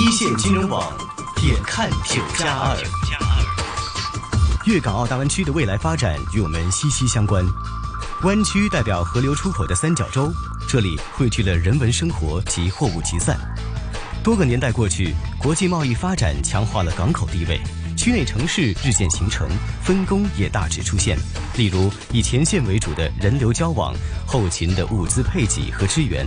一線金融網，點看九加二。粵港澳大灣區的未來發展與我們息息相關。灣區代表河流出口的三角洲，這裏匯聚了人文生活及貨物集散。多個年代過去，國際貿易發展強化了港口地位，區內城市日漸形成，分工也大致出現。例如，以前線為主的人流交往，後勤的物資配給和支援。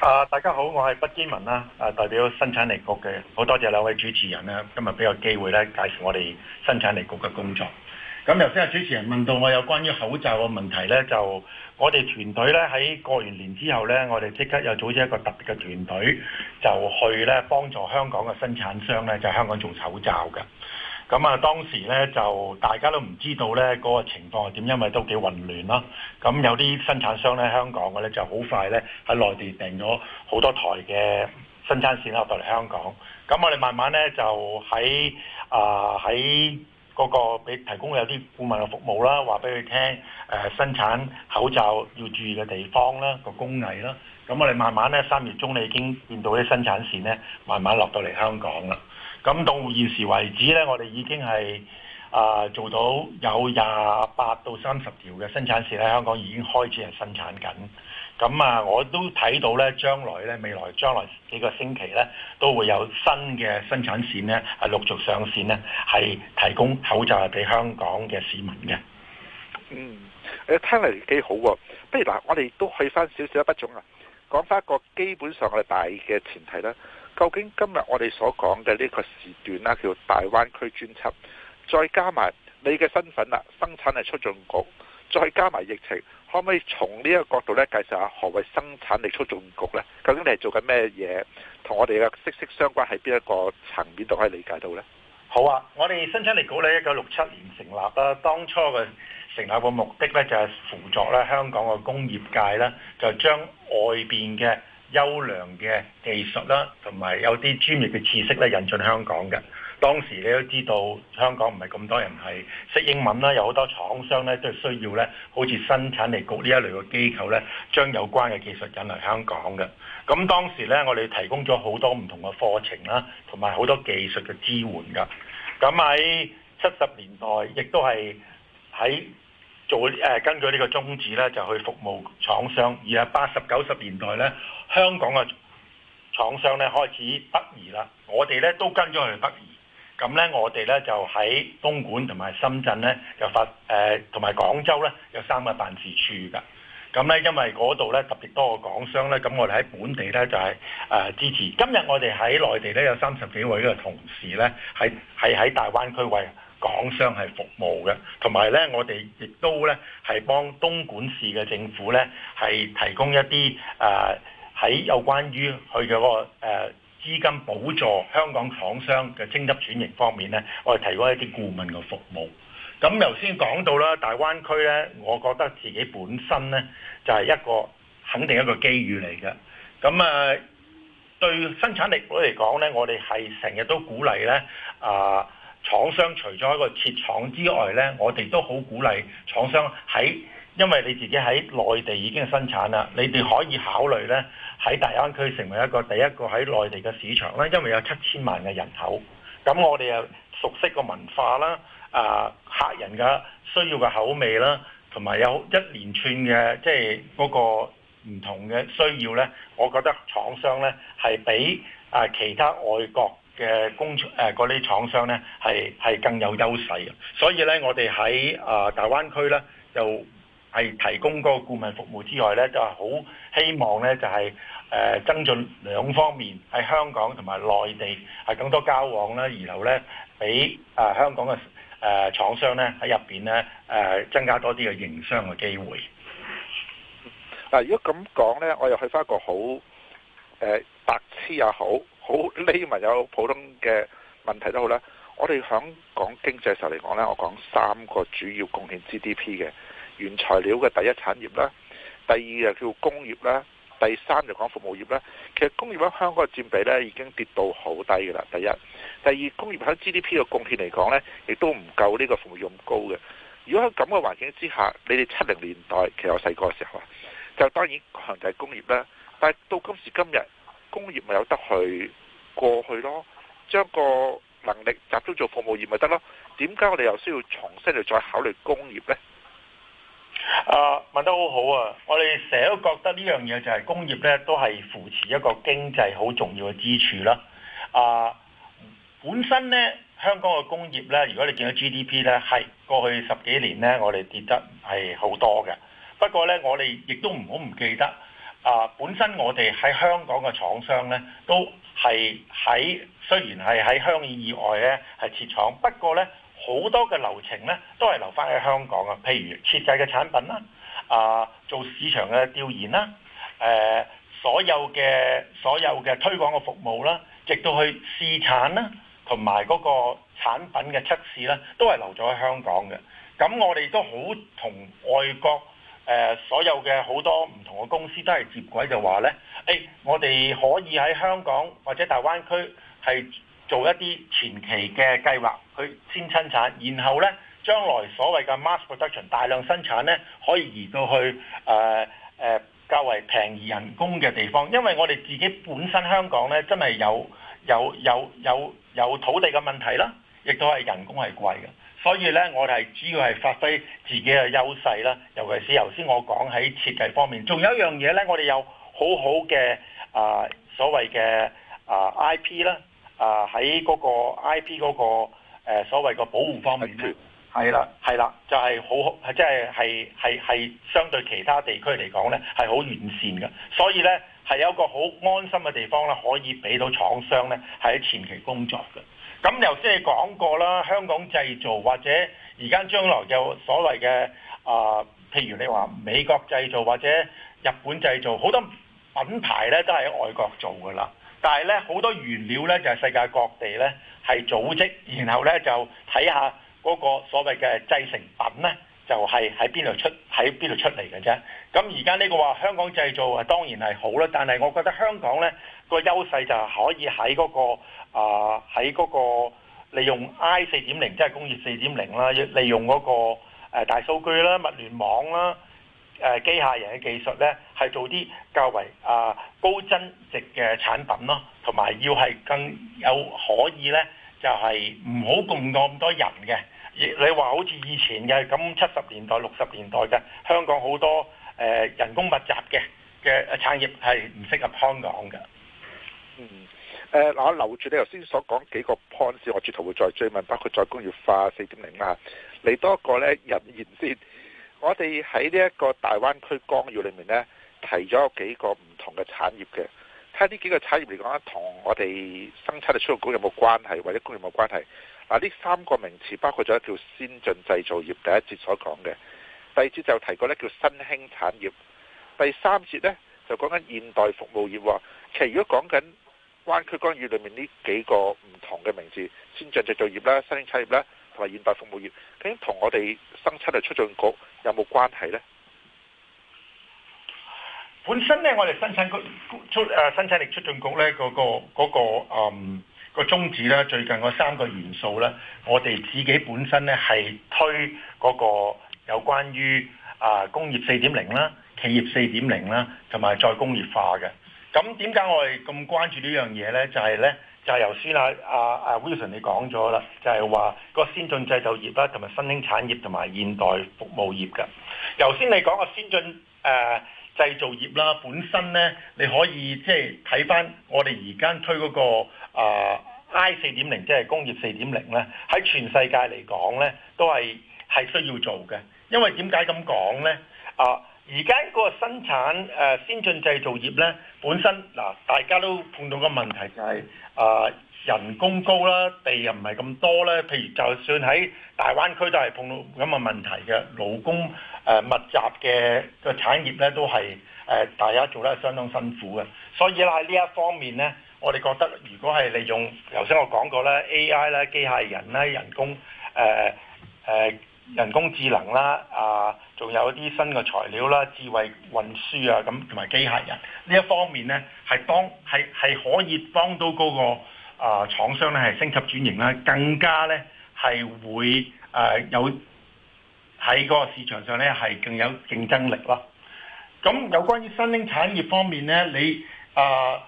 啊，大家好，我係畢堅文啦。啊，代表生產力局嘅，好多謝兩位主持人咧，今日俾個機會咧，介紹我哋生產力局嘅工作。咁頭先啊，主持人問到我有關於口罩嘅問題咧，就我哋團隊咧喺過完年之後咧，我哋即刻又組織一個特別嘅團隊，就去咧幫助香港嘅生產商咧，就係香港做口罩嘅。咁啊，當時咧就大家都唔知道咧嗰個情況係點，因為都幾混亂咯。咁有啲生產商咧，香港嘅咧就好快咧喺內地訂咗好多台嘅生產線啦，到嚟香港。咁我哋慢慢咧就喺啊喺嗰個俾提供有啲顧問嘅服務啦，話俾佢聽誒生產口罩要注意嘅地方啦，個工藝啦。咁我哋慢慢咧三月中你已經見到啲生產線咧慢慢落到嚟香港啦。咁到現時為止呢，我哋已經係啊、呃、做到有廿八到三十條嘅生產線喺香港已經開始係生產緊。咁啊，我都睇到呢，將來呢，未來將來幾個星期呢，都會有新嘅生產線呢係陸續上線呢係提供口罩係俾香港嘅市民嘅。嗯，聽嚟幾好喎、啊！不如嗱，我哋都去翻少少一筆種啊，講翻一個基本上嘅大嘅前提啦。究竟今日我哋所講嘅呢個時段啦，叫大灣區專輯，再加埋你嘅身份啦，生產力促進局，再加埋疫情，可唔可以從呢一個角度咧介紹下何謂生產力促進局咧？究竟你係做緊咩嘢？同我哋嘅息息相關喺邊一個層面度可以理解到咧？好啊，我哋生產力局咧，一九六七年成立啦，當初嘅成立嘅目的咧，就係輔助咧香港嘅工業界咧，就將外邊嘅。優良嘅技術啦，同埋有啲專業嘅知識咧，引進香港嘅。當時你都知道，香港唔係咁多人係識英文啦，有好多廠商咧都係需要咧，好似生產力局呢一類嘅機構咧，將有關嘅技術引嚟香港嘅。咁當時咧，我哋提供咗好多唔同嘅課程啦，同埋好多技術嘅支援㗎。咁喺七十年代，亦都係喺。做誒、呃、根據呢個宗旨咧，就去服務廠商。而喺八十九十年代咧，香港嘅廠商咧開始北移啦。我哋咧都跟咗佢北移。咁咧，我哋咧就喺東莞同埋深圳咧，有發同埋廣州咧，有三個辦事處㗎。咁咧，因為嗰度咧特別多個港商咧，咁我哋喺本地咧就係、是呃、支持。今日我哋喺內地咧有三十幾位嘅同事咧，係喺大灣區位，港商係服務嘅，同埋呢，我哋亦都呢係幫東莞市嘅政府呢係提供一啲誒喺有關於佢嘅嗰個誒、呃、資金補助香港廠商嘅升級轉型方面呢。我哋提供一啲顧問嘅服務。咁頭先講到啦，大灣區呢，我覺得自己本身呢就係、是、一個肯定一個機遇嚟嘅。咁誒、呃、對生產力嚟講呢，我哋係成日都鼓勵呢。啊、呃！廠商除咗一個設廠之外呢，我哋都好鼓勵廠商喺，因為你自己喺內地已經生產啦，你哋可以考慮呢喺大灣區成為一個第一個喺內地嘅市場啦，因為有七千萬嘅人口，咁我哋又熟悉個文化啦，啊客人嘅需要嘅口味啦，同埋有，有一連串嘅即係嗰個唔同嘅需要，呢我覺得廠商呢係比啊其他外國嘅工廠，誒，嗰啲廠商咧，係係更有優勢，所以咧，我哋喺啊大灣區咧，又係提供個顧問服務之外咧，就係好希望咧，就係誒增進兩方面喺香港同埋內地係更多交往啦，然後咧，俾啊香港嘅誒、呃、廠商咧，喺入邊咧誒增加多啲嘅營商嘅機會。嗱，如果咁講咧，我又去翻一個好誒、呃、白痴也好。好，匿問有普通嘅問題都好啦。我哋響講經濟上嚟講呢，我講三個主要貢獻 GDP 嘅原材料嘅第一產業啦，第二就叫工業啦，第三就講服務業啦。其實工業喺香港嘅佔比呢，已經跌到好低嘅啦。第一，第二，工業喺 GDP 嘅貢獻嚟講呢，亦都唔夠呢個服務業咁高嘅。如果喺咁嘅環境之下，你哋七零年代，其實我細個嘅時候啊，就當然可能就係工業啦。但係到今時今日，工業咪有得去過去咯，將個能力集中做服務業咪得咯？點解我哋又需要重新嚟再考慮工業呢？啊，問得好好啊！我哋成日都覺得呢樣嘢就係工業呢，都係扶持一個經濟好重要嘅支柱啦。啊，本身呢，香港嘅工業呢，如果你見到 GDP 呢，係過去十幾年呢，我哋跌得係好多嘅。不過呢，我哋亦都唔好唔記得。啊，本身我哋喺香港嘅廠商呢，都係喺雖然係喺香港以外呢，係設廠，不過呢，好多嘅流程呢，都係留翻喺香港啊，譬如設計嘅產品啦，啊做市場嘅調研啦，誒、啊、所有嘅所有嘅推廣嘅服務啦，直到去試產啦，同埋嗰個產品嘅測試呢，都係留咗喺香港嘅。咁我哋都好同外國。誒，所有嘅好多唔同嘅公司都係接軌就話呢，誒我哋可以喺香港或者大灣區係做一啲前期嘅計劃，去先生產，然後呢將來所謂嘅 mass production 大量生產呢，可以移到去誒誒較為便宜人工嘅地方，因為我哋自己本身香港呢真係有有有有有土地嘅問題啦，亦都係人工係貴嘅。所以咧，我哋係主要係發揮自己嘅優勢啦，尤其是頭先我講喺設計方面，仲有一樣嘢咧，我哋有好好嘅啊所謂嘅啊 I P 啦，啊喺嗰個 I P 嗰、嗰個、呃、所謂個保護方面咧，係啦係啦，就係好係即係係係係相對其他地區嚟講咧係好完善嘅，所以咧係有一個好安心嘅地方咧，可以俾到廠商咧係喺前期工作嘅。咁又即係你講過啦，香港製造或者而家將來有所謂嘅、呃、譬如你話美國製造或者日本製造，好多品牌咧都係喺外國做㗎啦，但係咧好多原料咧就係、是、世界各地咧係組織，然後咧就睇下嗰個所謂嘅製成品咧。就係喺邊度出，喺邊度出嚟嘅啫。咁而家呢個話香港製造啊，當然係好啦。但係我覺得香港呢個優勢就係可以喺嗰個啊，喺、呃、嗰個利用 I 四點零，即係工業四點零啦，利用嗰個大數據啦、物聯網啦、誒機械人嘅技術呢，係做啲較為啊、呃、高增值嘅產品咯，同埋要係更有可以呢，就係唔好供到咁多人嘅。你話好似以前嘅咁，七十年代、六十年代嘅香港好多誒、呃、人工密集嘅嘅產業係唔適合香港嘅。嗯，誒、呃、嗱，我留住你頭先所講幾個 point 我絕對會再追問，包括再工業化四點零啦。嚟多一個咧引言先，我哋喺呢一個大灣區綱要裏面咧，提咗幾個唔同嘅產業嘅。睇下呢幾個產業嚟講咧，同我哋生產嘅出口有冇關係，或者工業有冇關係？嗱，呢三個名詞包括咗叫先進製造業，第一節所講嘅；第二節就提過咧叫新興產業；第三節呢就講緊現代服務業。話其實如果講緊灣區貢獻裏面呢幾個唔同嘅名詞，先進製造業啦、新興產業啦，同埋現代服務業，咁同我哋生產力促進局有冇關係呢？本身呢，我哋生產促誒、啊、生產力促進局呢嗰、那個嗰、那個、嗯個宗旨咧，最近個三個元素咧，我哋自己本身咧係推嗰個有關於啊、呃、工業四點零啦、企業四點零啦，同埋再工業化嘅。咁點解我哋咁關注這件事呢樣嘢咧？就係、是、咧，就係頭先啊啊啊 Wilson 你講咗啦，就係話個先進製造業啦，同埋新興產業同埋現代服務業嘅。頭先你講個先進誒。呃製造業啦，本身咧你可以看、那個啊、0，即係睇翻我哋而家推嗰個 I 四點零，即係工業四點零咧，喺全世界嚟講咧都係係需要做嘅。因為點解咁講咧？啊，而家嗰個生產誒、啊、先進製造業咧，本身嗱大家都碰到個問題就係、是、啊人工高啦，地又唔係咁多咧。譬如就算喺大灣區都係碰到咁嘅問題嘅勞工。誒密集嘅個產業咧，都係誒大家做得相當辛苦嘅。所以啦喺呢一方面咧，我哋覺得如果係利用，頭先我講過咧，A.I. 啦、機械人啦、人工誒誒人工智能啦，啊，仲有一啲新嘅材料啦、智慧運輸啊，咁同埋機械人呢一方面咧，係幫係係可以幫到嗰個啊廠商咧係升級轉型啦，更加咧係會誒有，喺嗰個市場上咧，係更有競爭力咯。咁有關於新興產業方面咧，你啊、呃、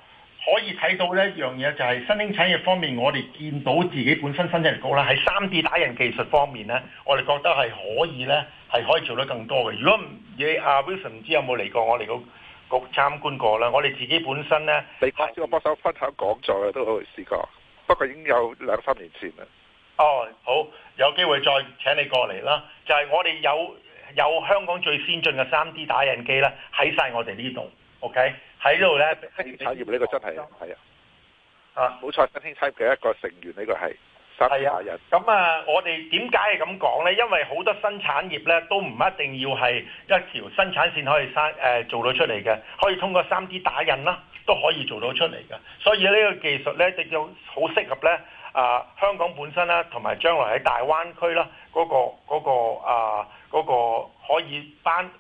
可以睇到一樣嘢，就係，就係新興產業方面，我哋見到自己本身生產力高啦。喺三 D 打印技術方面咧，我哋覺得係可以咧，係可以做得更多嘅。如果唔嘢，阿、啊、Wilson 唔知有冇嚟過我哋個局參觀過啦。我哋自己本身咧，你下次我幫手揈下講座啊，都可以試過。不過已經有兩三年前啦。哦、oh，好，有機會再請你過嚟啦。就係、是、我哋有有香港最先進嘅三 D 打印機啦，喺晒我哋呢度。OK，喺度咧。新興產業呢個真係係啊，啊冇錯，新興產業嘅一個成員呢個係三 D 打印。咁啊，我哋點解係咁講咧？因為好多新產業咧都唔一定要係一條生產線可以生誒、呃、做到出嚟嘅，可以通過三 D 打印啦，都可以做到出嚟嘅。所以呢個技術咧，亦都好適合咧。啊！香港本身啦，同埋將來喺大灣區啦，嗰個嗰個啊嗰個可以幫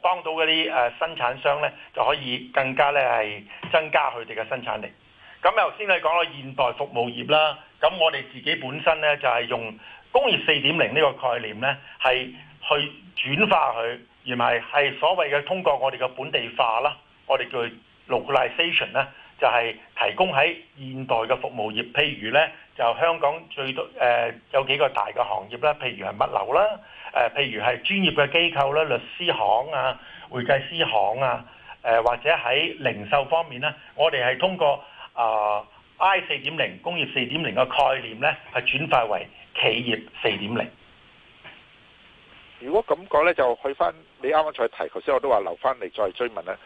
幫到嗰啲、啊、生產商咧，就可以更加咧係增加佢哋嘅生產力。咁頭先你講咗現代服務業啦，咁我哋自己本身咧就係用工業四點零呢個概念咧，係去轉化佢，而唔係係所謂嘅通過我哋嘅本地化啦，我哋叫 localization 啦。就係提供喺現代嘅服務業，譬如呢就香港最多誒有幾個大嘅行業啦，譬如係物流啦，誒譬如係專業嘅機構啦，律師行啊、會計師行啊，誒或者喺零售方面呢，我哋係通過啊 I 四點零工業四點零嘅概念呢，係轉化為企業四點零。如果咁講呢，就去翻你啱啱再提，頭先我都話留翻嚟再追問啦。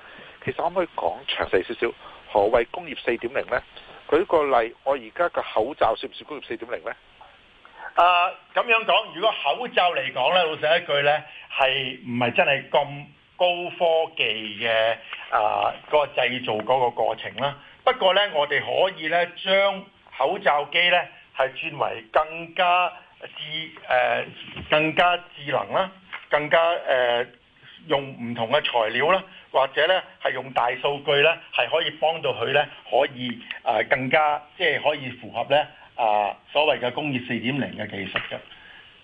其實可唔可以講詳細少少？何謂工業四點零呢？舉個例，我而家嘅口罩算唔算工業四點零呢？啊，咁樣講，如果口罩嚟講咧，老實一句呢係唔係真係咁高科技嘅啊？個製造嗰個過程啦，不過呢，我哋可以咧將口罩機呢係轉為更加智誒、呃、更加智能啦，更加誒、呃、用唔同嘅材料啦。或者咧係用大數據咧，係可以幫到佢咧，可以誒更加即係可以符合咧啊所謂嘅工業4.0嘅技術嘅。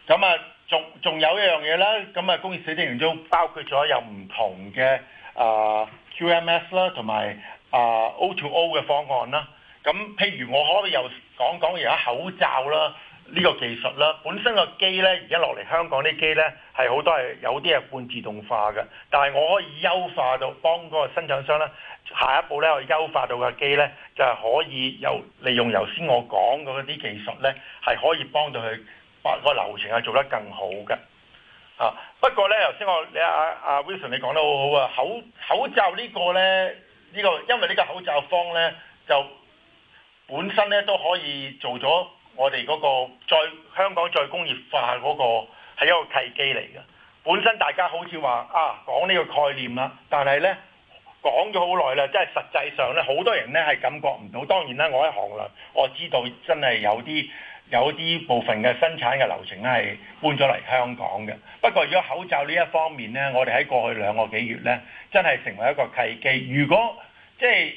咁啊，仲仲有一樣嘢咧，咁啊工業4.0都包括咗有唔同嘅啊 QMS 啦，同埋啊 O2O 嘅方案啦。咁譬如我可以又講講而家口罩啦。呢個技術啦，本身個機呢，而家落嚟香港啲機呢，係好多係有啲係半自動化嘅，但係我可以優化到幫嗰個生產商呢，下一步呢，我可以優化到個機呢，就係可以由利用頭先我講嗰啲技術呢，係可以幫到佢把個流程係做得更好嘅。不過呢，頭先我你阿阿、啊、Wilson 你講得好好啊，口口罩呢個呢，呢個因為呢個口罩方呢，就本身呢都可以做咗。我哋嗰個在香港再工業化嗰個係一個契機嚟嘅。本身大家好似話啊講呢個概念啦，但係呢講咗好耐啦，即係實際上呢，好多人呢係感覺唔到。當然啦，我喺行內我知道真係有啲有啲部分嘅生產嘅流程係搬咗嚟香港嘅。不過如果口罩呢一方面呢，我哋喺過去兩個幾月呢，真係成為一個契機。如果即係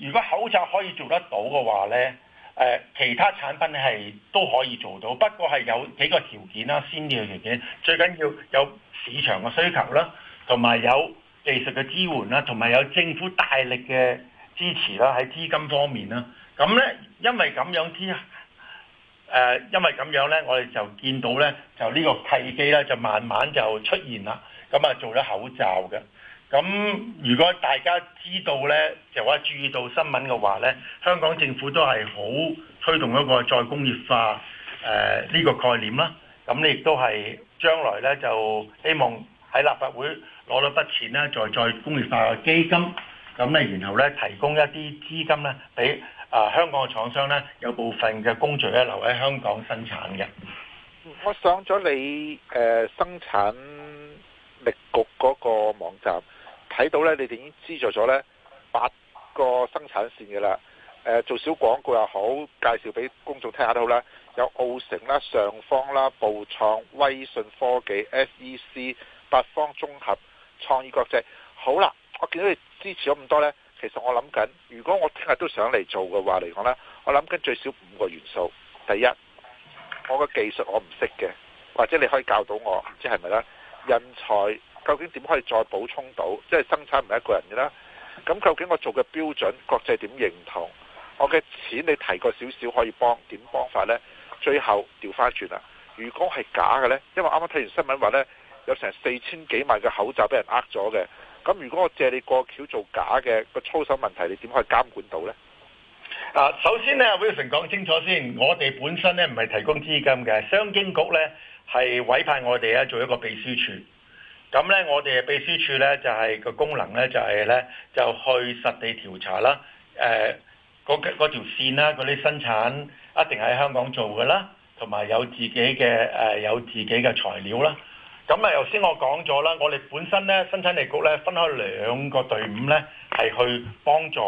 如果口罩可以做得到嘅話呢，誒、呃、其他產品係都可以做到，不過係有幾個條件啦，先要嘅條件，最緊要有市場嘅需求啦，同埋有技術嘅支援啦，同埋有政府大力嘅支持啦，喺資金方面啦。咁咧，因為咁樣之，誒、呃，因為咁樣咧，我哋就見到咧，就呢個契機咧，就慢慢就出現啦。咁啊，做咗口罩嘅。咁如果大家知道咧，或者注意到新聞嘅話呢，香港政府都係好推動一個再工業化誒呢、呃呢個概念啦。咁你亦都係將來呢，就希望喺立法會攞到筆錢呢，再再工業化嘅基金。咁咧，然後呢，提供一啲資金呢，俾啊、呃、香港嘅廠商呢，有部分嘅工序咧，留喺香港生產嘅。我上咗你誒、呃、生產力局嗰個網站。睇到呢，你哋已經支助咗呢八個生產線嘅啦、呃，做小廣告又好，介紹俾公眾聽下都好啦。有奧成啦、上方啦、暴創、威信科技、SEC、八方綜合、創意國際。好啦，我見到你支持咗咁多呢。其實我諗緊，如果我聽日都想嚟做嘅話嚟講咧，我諗緊最少五個元素。第一，我個技術我唔識嘅，或者你可以教到我，唔知係咪咧？人才。究竟點可以再補充到？即係生產唔係一個人嘅啦。咁究竟我做嘅標準國際點認同？我嘅錢你提過少少可以幫點幫法呢？最後調翻轉啦。如果係假嘅呢，因為啱啱睇完新聞話呢，有成四千幾萬嘅口罩俾人呃咗嘅。咁如果我借你過橋做假嘅個操守問題，你點可以監管到呢？啊，首先呢 Wilson 講清楚先。我哋本身呢，唔係提供資金嘅，商經局呢，係委派我哋咧啊做一個秘書處。咁咧，我哋嘅秘書處咧就係個功能咧，就係咧就去實地調查啦。嗰、呃、條線啦，嗰啲生產一定喺香港做嘅啦，同埋有自己嘅、呃、有自己嘅材料啦。咁、呃、啊，頭先我講咗啦，我哋本身咧生產力局咧分開兩個隊伍咧，係去幫助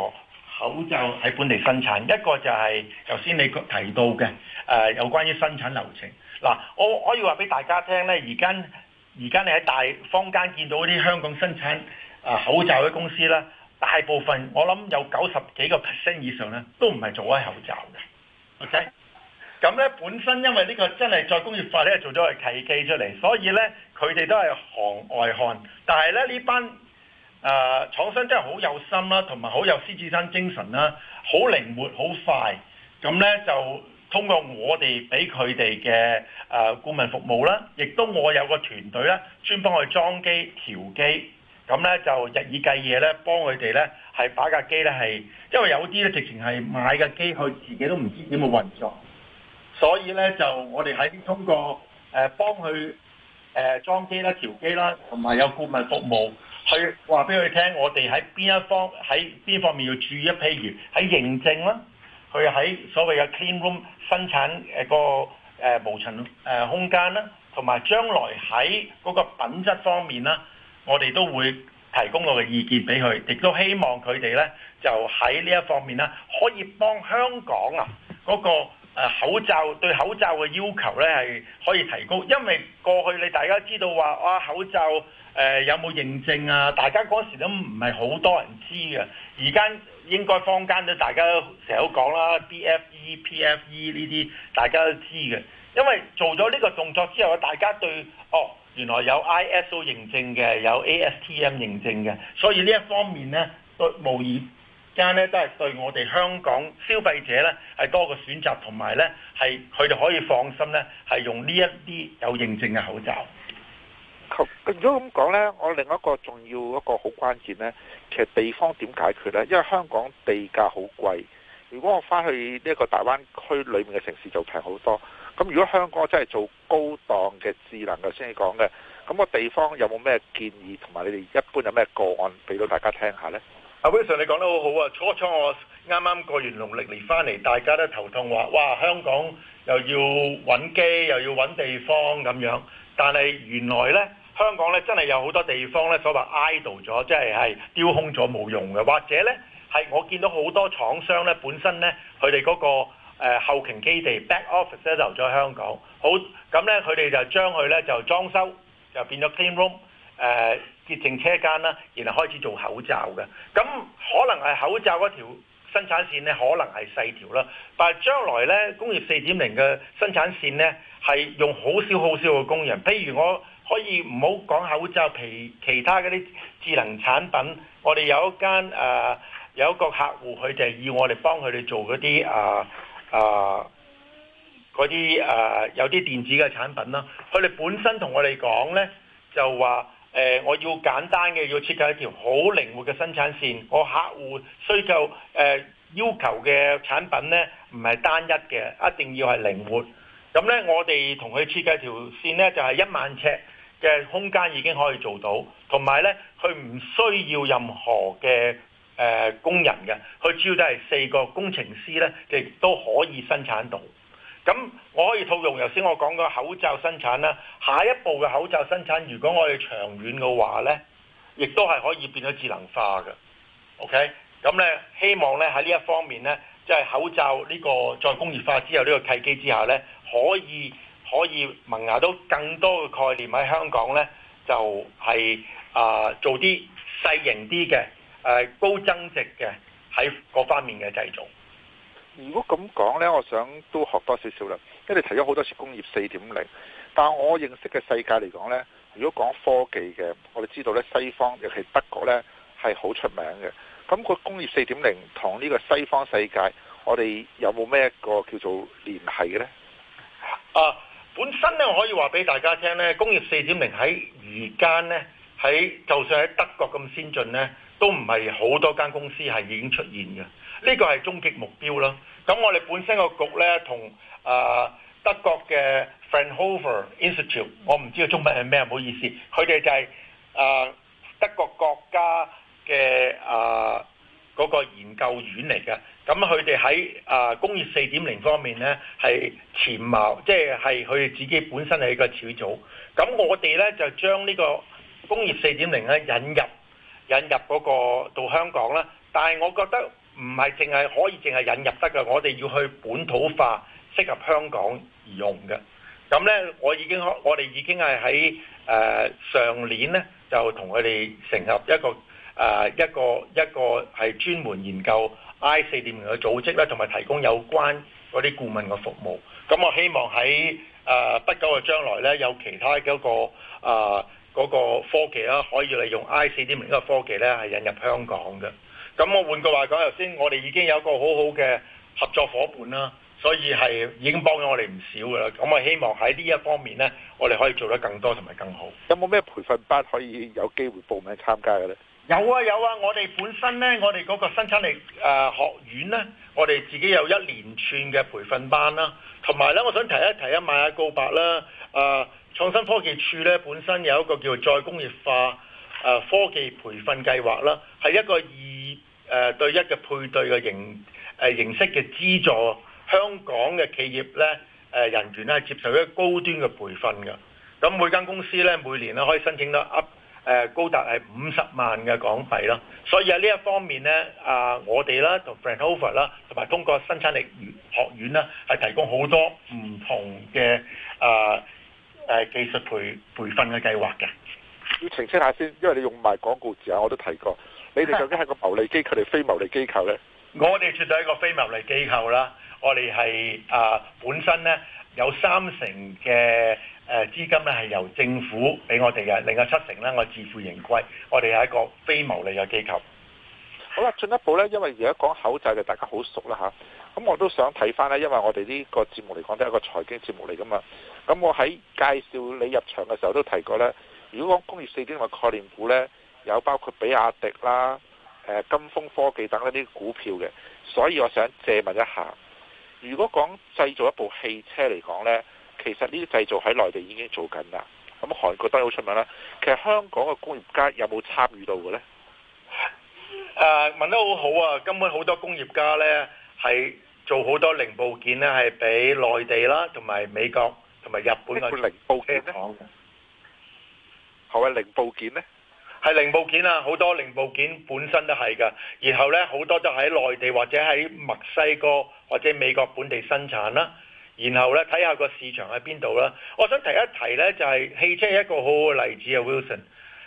口罩喺本地生產。一個就係頭先你提到嘅、呃、有關於生產流程。嗱、呃，我我可以話俾大家聽咧，而家。而家你喺大坊間見到啲香港生產啊口罩嘅公司啦，大部分我諗有九十幾個 percent 以上咧，都唔係做開口罩嘅。OK，咁咧本身因為呢個真係再工業化咧做咗個契機出嚟，所以咧佢哋都係行外漢，但係咧呢這班啊、呃、廠商真係好有心啦，同埋好有獅子山精神啦，好靈活好快，咁咧就。通過我哋俾佢哋嘅誒顧問服務啦，亦都我有個團隊咧，專幫佢裝機調機，咁咧就日以繼夜咧幫佢哋咧係把架機咧係，因為有啲咧直情係買架機佢自己都唔知點去運作，所以咧就我哋喺通過誒幫佢誒裝機啦、調機啦，同埋有顧問服務去話俾佢聽，我哋喺邊一方喺邊方面要注意一，譬如喺認證啦。佢喺所謂嘅 clean room 生產誒個誒無塵誒空間啦，同埋將來喺嗰個品質方面啦，我哋都會提供我嘅意見俾佢，亦都希望佢哋咧就喺呢一方面啦，可以幫香港啊嗰個口罩對口罩嘅要求咧係可以提高，因為過去你大家知道話啊口罩誒、呃、有冇認證啊，大家嗰時都唔係好多人知嘅，而家。應該坊間都大家成日都講啦，BFE PFE、PFE 呢啲大家都知嘅。因為做咗呢個動作之後，大家對哦原來有 ISO 認證嘅，有 ASTM 認證嘅，所以呢一方面呢，無意間呢都無疑間呢都係對我哋香港消費者呢，係多個選擇，同埋呢，係佢哋可以放心呢，係用呢一啲有認證嘅口罩。如果咁講呢，我另外一個重要一個好關鍵呢，其實地方點解決呢？因為香港地價好貴，如果我翻去呢一個大灣區裏面嘅城市就平好多。咁如果香港真係做高檔嘅智能嘅先至講嘅，咁、那個地方有冇咩建議同埋你哋一般有咩個案俾到大家聽一下呢？阿 v i n 你講得好好啊！初初我啱啱過完農曆年翻嚟，大家都頭痛話，哇！香港又要揾機又要揾地方咁樣。但係原來呢。香港咧真係有好多地方咧，所謂 idle 咗，即係係丟空咗冇用嘅，或者咧係我見到好多廠商咧，本身咧佢哋嗰個誒、呃、後勤基地、back office 咧留咗香港，好咁咧佢哋就將佢咧就裝修，就變咗 clean room 誒潔淨車間啦，然後開始做口罩嘅。咁可能係口罩嗰條生產線咧，可能係細條啦，但係將來咧工業四點零嘅生產線咧係用好少好少嘅工人，譬如我。可以唔好講口罩，其其他嗰啲智能產品，我哋有一間誒有一個客戶，佢哋要我哋幫佢哋做嗰啲誒誒嗰啲誒有啲電子嘅產品啦。佢哋本身同我哋講咧，就話誒我要簡單嘅，要設計一條好靈活嘅生產線。我客戶需求誒要求嘅產品咧，唔係單一嘅，一定要係靈活。咁咧，我哋同佢設計條線咧，就係一萬尺。嘅空間已經可以做到，同埋呢，佢唔需要任何嘅、呃、工人嘅，佢只要都係四個工程師呢亦都可以生產到。咁我可以套用，頭先我講過口罩生產啦。下一步嘅口罩生產，如果我哋長遠嘅話呢，亦都係可以變咗智能化嘅。OK，咁呢，希望呢喺呢一方面呢，即係口罩呢個再工業化之後呢個契機之下呢，可以。可以萌芽到更多嘅概念喺香港呢，就係、是、啊、呃、做啲細型啲嘅誒高增值嘅喺嗰方面嘅製造。如果咁講呢，我想都學多少少啦，因為你提咗好多次工業四點零，但我認識嘅世界嚟講呢，如果講科技嘅，我哋知道呢，西方尤其德國呢，係好出名嘅。咁、那個工業四點零同呢個西方世界，我哋有冇咩一個叫做聯繫嘅呢？啊、uh，本身咧，我可以話俾大家聽咧，工業四點零喺而家咧，喺就算喺德國咁先進咧，都唔係好多間公司係已經出現嘅。呢個係終極目標啦。咁我哋本身個局咧，同啊德國嘅 Fraunhofer Institute，我唔知個中文係咩，唔好意思，佢哋就係啊德國國家嘅啊。嗰個研究院嚟嘅，咁佢哋喺啊工業四點零方面呢係前茅，即係係佢哋自己本身係一個始祖。咁我哋呢就將呢個工業四點零咧引入引入嗰個到香港啦。但係我覺得唔係淨係可以淨係引入得㗎，我哋要去本土化，適合香港而用嘅。咁呢，我已經我哋已經係喺誒上年呢，就同佢哋成立一個。誒一個一個係專門研究 I 四點零嘅組織咧，同埋提供有關嗰啲顧問嘅服務。咁我希望喺誒不久嘅將來咧，有其他嘅一個誒嗰個科技啦，可以利用 I 四點零呢個科技咧，係引入香港嘅。咁我換句話講，頭先我哋已經有一個好好嘅合作伙伴啦，所以係已經幫咗我哋唔少㗎喇。咁我希望喺呢一方面咧，我哋可以做得更多同埋更好。有冇咩培訓班可以有機會報名參加嘅咧？有啊有啊，我哋本身呢，我哋嗰個生產力誒、呃、學院呢，我哋自己有一連串嘅培訓班啦，同埋呢，我想提一提賣一賣吓告白啦，誒、呃、創新科技署呢，本身有一個叫做再工業化、呃、科技培訓計劃啦，係一個二誒對一嘅配對嘅形、呃、形式嘅資助香港嘅企業呢，呃、人員呢，接受一個高端嘅培訓嘅，咁每間公司呢，每年呢，可以申請到。誒、呃、高達係五十萬嘅港幣啦，所以喺呢一方面咧，啊、呃、我哋啦同 Frankover 啦，同埋通過生產力學院啦，係提供好多唔同嘅啊誒技術培培訓嘅計劃嘅。要澄清下先，因為你用埋廣告詞啊，我都提過，你哋究竟係個牟利機構定非牟利機構咧？我哋絕對係個非牟利機構啦，我哋係啊本身咧。有三成嘅誒資金咧係由政府俾我哋嘅，另外七成咧我自負盈虧，我哋係一個非牟利嘅機構。好啦，進一步咧，因為而家講口罩就大家好熟啦吓，咁、啊、我都想睇翻咧，因為我哋呢個節目嚟講都係一個財經節目嚟㗎嘛。咁我喺介紹你入場嘅時候都提過咧，如果講工業四點零嘅概念股咧，有包括比亞迪啦、誒、啊、金風科技等一啲股票嘅，所以我想借問一下。如果講製造一部汽車嚟講呢，其實呢啲製造喺內地已經做緊啦。咁韓國都好出名啦。其實香港嘅工業家有冇參與到嘅呢？誒，問得好好啊！根本好多工業家呢，係做好多零部，零部件呢，係俾內地啦、同埋美國、同埋日本嘅零部件廠嘅。何謂零部件呢？係零部件啊！好多零部件本身都係㗎。然後呢，好多都喺內地或者喺墨西哥。或者美國本地生產啦，然後咧睇下個市場喺邊度啦。我想提一提咧、就是，就係汽車一個很好好嘅例子啊，Wilson。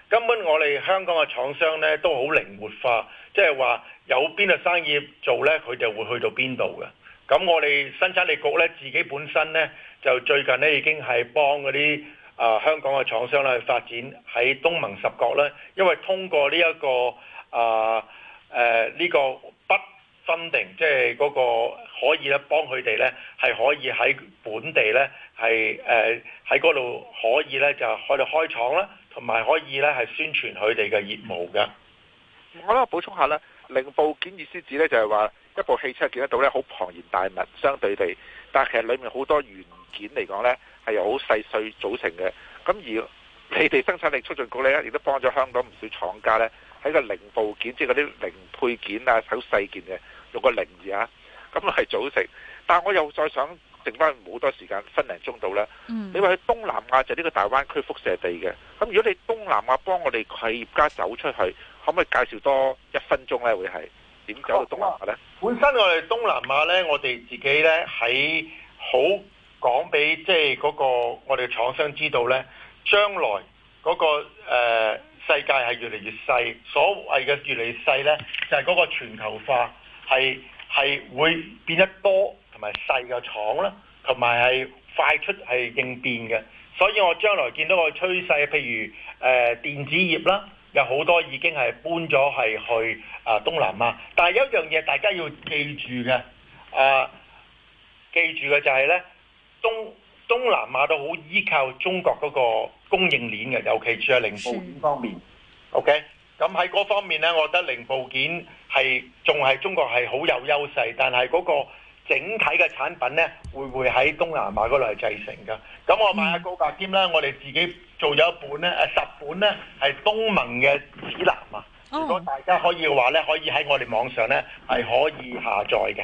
根本我哋香港嘅廠商咧都好靈活化，即係話有邊個生意做咧，佢就會去到邊度嘅。咁我哋生產力局咧自己本身咧就最近咧已經係幫嗰啲啊香港嘅廠商咧去發展喺東盟十國啦，因為通過呢一個啊誒呢個。呃呃呢個分定即係嗰個可以咧，幫佢哋咧係可以喺本地咧係誒喺嗰度可以咧就開到開廠啦，同埋可以咧係宣傳佢哋嘅業務嘅。我咧補充一下啦，零部件意思指咧就係話一部汽車見得到咧好龐然大物，相對地，但係其實裡面好多元件嚟講咧係由好細碎組成嘅。咁而你哋生產力促進局咧亦都幫咗香港唔少廠家咧喺個零部件，即係嗰啲零配件啊，好細件嘅。用個零二啊，咁啊係組成。但係我又再想剩翻好多時間，分零鐘到啦、嗯。你話喺東南亞就呢個大灣區輻射地嘅。咁如果你東南亞幫我哋企業家走出去，可唔可以介紹多一分鐘咧？會係點走到東南亞咧？本身我哋東南亞咧，我哋自己咧喺好講俾即係嗰個我哋廠商知道咧，將來嗰、嗰個、呃、世界係越嚟越細。所謂嘅越嚟越細咧，就係、是、嗰個全球化。係係會變得多同埋細嘅廠啦，同埋係快速係應變嘅，所以我將來見到個趨勢，譬如誒、呃、電子業啦，有好多已經係搬咗係去啊、呃、東南亞。但係有一樣嘢大家要記住嘅啊、呃，記住嘅就係、是、咧東東南亞都好依靠中國嗰個供應鏈嘅，尤其是係零部件，件方面。OK, 咁喺嗰方面咧，我覺得零部件。係仲係中國係好有優勢，但係嗰個整體嘅產品咧，會唔會喺東南亞嗰度係製成噶？咁我買下高價添啦，我哋自己做咗一本咧，誒十本咧係東盟嘅指南啊！如果大家可以嘅話咧，可以喺我哋網上咧係可以下載嘅。